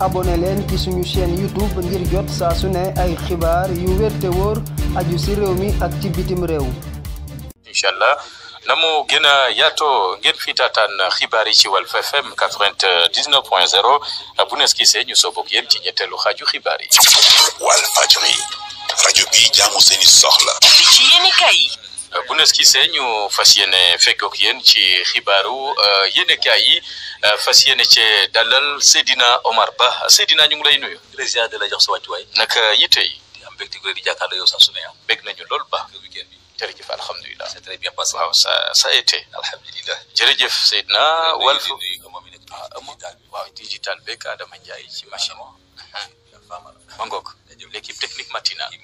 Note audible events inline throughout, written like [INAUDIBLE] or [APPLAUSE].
abonné leen ci suñu chaîne YouTube ngir jot saa su ne ay xibaar yu wér te wóor aju si réew mi ak ci bitim réew. incha allah na mu gën a yaatoo ngeen fi taataan xibaar yi ci Walf FM quatre-vingt-dix-neuf point zéro bu nes gisee ñu soo bokk yéen ci ñetteelu xaaju xibaar yi. Walfadjri rajo bi jaamu seeni soxla. Euh, bu nes ki see ñu fas yéene fekkook yéen ci xibaaru euh, yéenekaay yi euh, fas yéene cee dalal Seydina Omar Ba Seydina ñu ngi lay nuyu. président de la jox sa wàccuwaay. naka yitte yi. di am mbégte di jàkkaarloo yow sax ah. lool ba. jërëjëf alhamdulilah c'est très bien passé. waaw ça ça a été. alhamdulilah jërëjëf Seydina. Walf waaw digital beeg Adama Ndiaye ci machine. [LAUGHS] ma ngoog l'équipe technique matinale.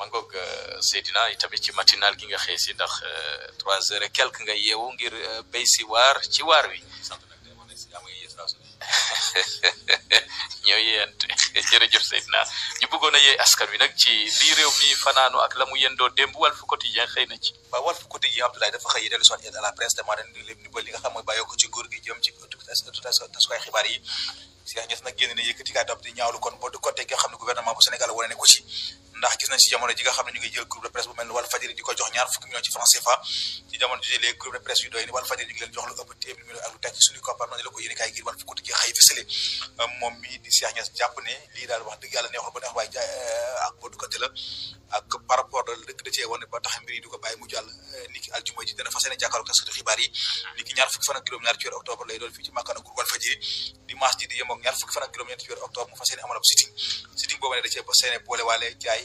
mangoog euh, Seydina itamit ci matinal gi nga xëy si ndax euh, trois heures et quelque nga yeewu ngir euh, béy si waar ci waar wi [LAUGHS] ñoo yéente [LAUGHS] jërëjëf Seydina ñu bëggoon a yee askan wi nag ci biir réew mi fanaanu ak la mu yendoo démb Walf Quotidien xëy na ci waaw Walf Quotidien Abdoulaye dafa xëy dellu la presse demandé ni lépp ni ba li xam mooy bàyyoo ko ci góor gi jëm ci tasukaay xibaar yi Cheikh Niass nag génn na yëkkati kàddu di ñaawlu kon boo du côté gi nga xam ne gouvernement bu Sénégal wane ne ko ci ndax gis nañ ci jamono ji nga xam ne groupe de presse bu mel ni Walf Fadjri jox ñaar fukki millions ci ci jamono ji les groupes de presse yu doy ni Walf jox lu ëpp téeméer million ak lu teg la ko yéene kaay gi mi di Cheikh Niass jàpp ne lii daal wax dëgg yàlla neexul ba neex waaye eh, ak bodukaté ak par rapport dëkk da cee woon ba tax mbir yi du ko bàyyi mu jàll eh, ni ki aljuma ji dana fas yéene jàkkaarloo taskatu xibaar yi ni ñaar fukki fan ak juróom ci weeru octobre lay doon fii dimanche ji di yem ñaar fukki fan ak juróom-ñeent ci weeru octobre mu sitting sitting boobu ne da cee seen jaay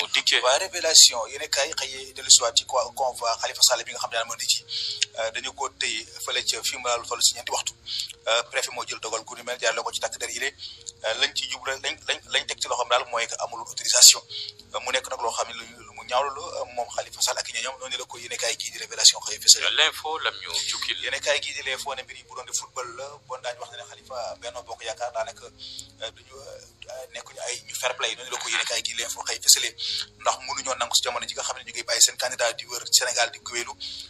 ñoo dikkee. révélation yéen a kaay xëy dellu si waat ci convoi Khalifa Sall bi nga xam daal moo di ci euh, dañu ko téye fële ca fi mu euh, ko de euh, lañ ci jublu lañ lañ lañ teg ci loxoom daal mooy que loo xam ne lu mu ñaawlu moom Khalifa Sall ak ñoom noonu la ko yéen a kaay gii di révélation lam ñu jukkil. yéen a kaay gii di l'info ne mbir yi bu football bon daañu wax ne Khalifa Benno Bokk Yaakaar daanaka Euh, nekkuñu ay ñu fair play noonu la ko yéene kaay gi leen foo xëy fësale ndax mënuñoo nangu si jamono ji nga xam ne ñu ngi bàyyi seen candidat di wër Sénégal di wéelu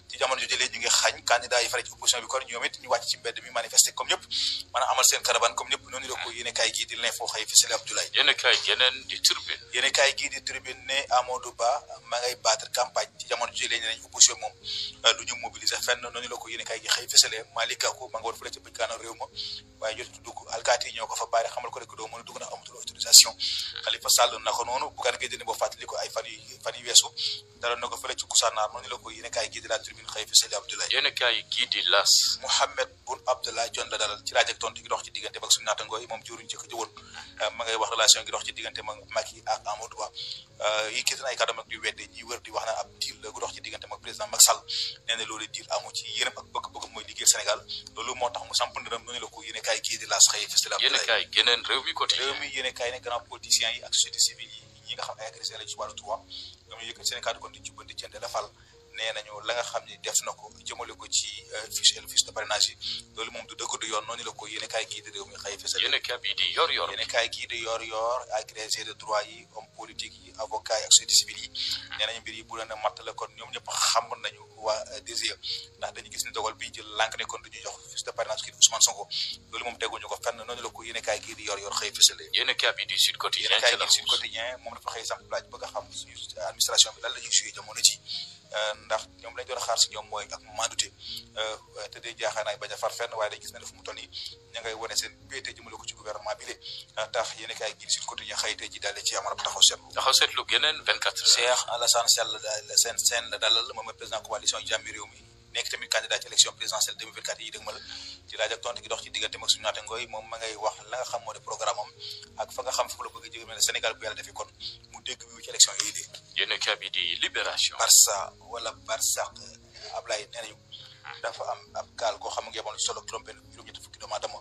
ci jamono jooju ñu ngi xañ candidat yi fare ci opposition bi kon ñoom ñu wàcc ci mbedd mi manifester comme ñëpp maanaam amal seen caravane comme ñëpp noonu la ko yéene kaay gi di leen foo xëy fësale Abdoulaye yéene kaay geneen di tribune yéene kaay gi di tribune ne Amadou Ba maa ngay battre campagne ci jamono ji lañ moom euh, du ñu mobiliser fenn noonu la ko yéen kay gi xëy fësalee Malick Gakou ma nga a dugg na autorisation Khalifa Sall na ko noonu bugaan ngay dëne boo fàttali ko ay la ko ci laaj ak tontu gi ci diggante ak suñu yi moom juruñ ci ko jëwoon mm-hmm. euh, wax relation gi ci diggante mag Macky yi kii tan ay kàddam ak yu ne ñiy wër di wax na ab diir gu dox ci diggante ak président Macky Sall nee loolu diir amu ci yéenam ak bëgg-bëgg mooy liggéey Sénégal loolu moo tax mu samp ndëram noonu la ko yéene kaay kii di laas xëy fës la yéene réew mi côté réew mi yéene ne grand politiciens yi ak société civile yi ñi nga xam ay agressé lañ ci wàllu droit ñoom ñu yëkkati seen kàddu kon di jubbante nee nañu la nga xam ni def na ko jëmale ko ci euh, fiche fiche de parrainage yi loolu moom du dëgg du yoon noonu la ko yéen a kaay gii di réew mi xëy fësal yéen a kaay bi di yor yor yéen a kaay gii di yor yor yi homme a matt euh, bi di Sud Quotidien moom dafa xëy sax laaj bëgg a xam suñu euh, administration bi lan la ñuy suyee jamono ji Euh, ndax ñoom lañ doon xaar si ñoom mooy ak mandute euh, te day jaaxaanaay bañ a far fenn waaye dañ gis ne def mu toll nii ña ngay wane seen péete jëmale ko ci gouvernement bi le euh, tax yéen kaay gi Sud Quotidien xëy tey ji daal seen seen la dalal moom mooy président coalition Jàmmi Réew mi nekk tamit candidat ci élection présidentielle 2024 yi dëgmal ci ma ngay wax la nga xam moo di programme am ak fa nga xam fu la bëgg a jëmale Sénégal bu yàlla defi kon dégg bi ci élection yooyu de. yéen a bi di libération. Barça wala Barsaq Ablaye nee nañu dafa am ab gaal goo xam nga solo ak juróom-benn juróom-ñetti fukki doomu aadama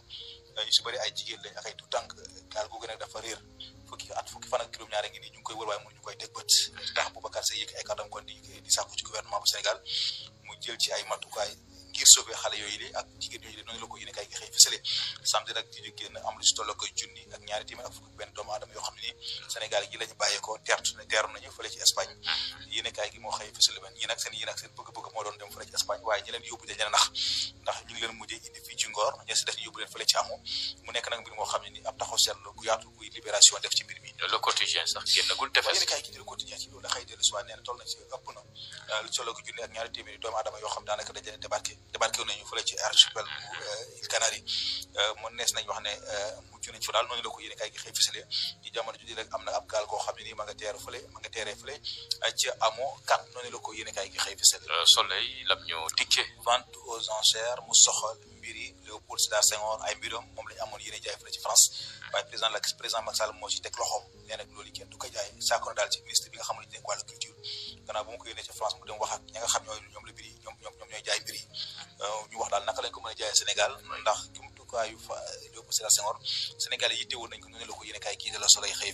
ñu si bëri ay jigéen lañ ak ay tuutànk gaal googu nag dafa réer fukki at fukki fan ak juróom-ñaar ngi nii ñu ngi koy wër waaye mënuñu koy teg bët. tax Boubacar Seye yëkk ay kàddam kon di di sàkku ci gouvernement bu Sénégal mu jël ci ay matukaay. ngir sauver xale yooyu li ak jigéen yooyu li noonu la ko yéene gi xëy fësale samedi nag di ñu génn am lu ci tolloo koy junni ak ñaari téeméer ak fukki benn doomu yoo xam ne nii Sénégal gi lañu bàyyeekoo teertu ne teeru nañu fële ci Espagne mm-hmm. yéene gi moo xëy fësale men ñi seen yi nag moo doon dem fële ci Espagne waaye ñi yóbbu dañ leen nax ndax ñu ngi leen mujjee indi fii ci Ngor ña si def yóbbu leen fële ci amu sax génnagul tefes yéen kaay gi di la quotidien ci solo ko junne ak ñaari téeméeri doomu aadama yoo xam daanaka dañ leen débarqué débarqué nañu ci archipel bu mm-hmm. euh, îles Canaries euh, nañ wax ne euh, mucc nañ fa daal noonu la ko yéen kaay gi am na ab gaal koo xam ne nii ma nga teer fële ma nga teeree ci amoo kat noonu la ko yéen kaay gi xëy fësale soleil lam ñu dikkee vente aux enchères mu soxal Léopold Sédar Senghor ay mbiram moom la amoon yéen a jaay fële ci France waaye président moo ci teg loxoom nee nag loolu jaay saako na daal ci ministre bi nga xam ne xam ñoom la mbir yi ñoom ñoom ñooy jaay mbir yi euh, ñu wax daal naka lañ ko mën a Sénégal ndax jumtukaayu fa Léopold Sédar Senghor Sénégal yitte woon nañ ko noonu la ko yéen a kaay kii de la soleil xëy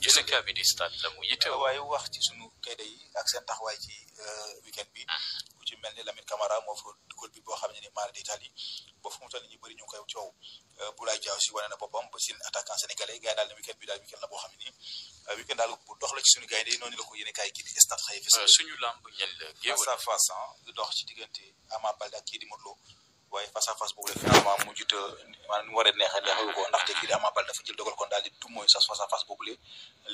euh, wax ci sunu kayda yi ak seen taxawaay ci euh, weekend bi ah. mel ne ni ba fu mu toll ñu bëri ñu ngi koy coow euh, Boulaye Dia aussi boppam ba seen attaquant sénégalais gars daal ne week bi daal week la boo xam ne nii euh, week daal bu dox la ci suñu gars yi noonu la ko yéene kaay kii di stade xëy euh, suñu lamb ñel la face à face dox ci diggante Ama Baldé ak di Modou Lo waaye face à face boobu la finalement mu jut maanaam neexee neexewu ko ndaxte kii di Ama Baldé dafa jël dogal kon daal di tu mooy sax face à face boobu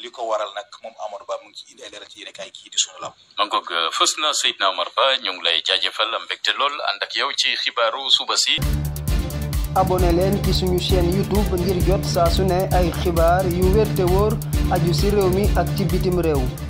li ko waral nag moom Amadou Ba mu ngi ci indi ay leeral ci yéen kay kii di sunu lam man ko euh, fës na Seydina Omar Ba ñu lay jaajëfal am mbégte lool ànd ak yow ci xibaaru suba si. abonné leen ci suñu chaîne YouTube ngir jot saa su ay xibaar yu wér te wóor aju si réew mi ak ci bitim réew.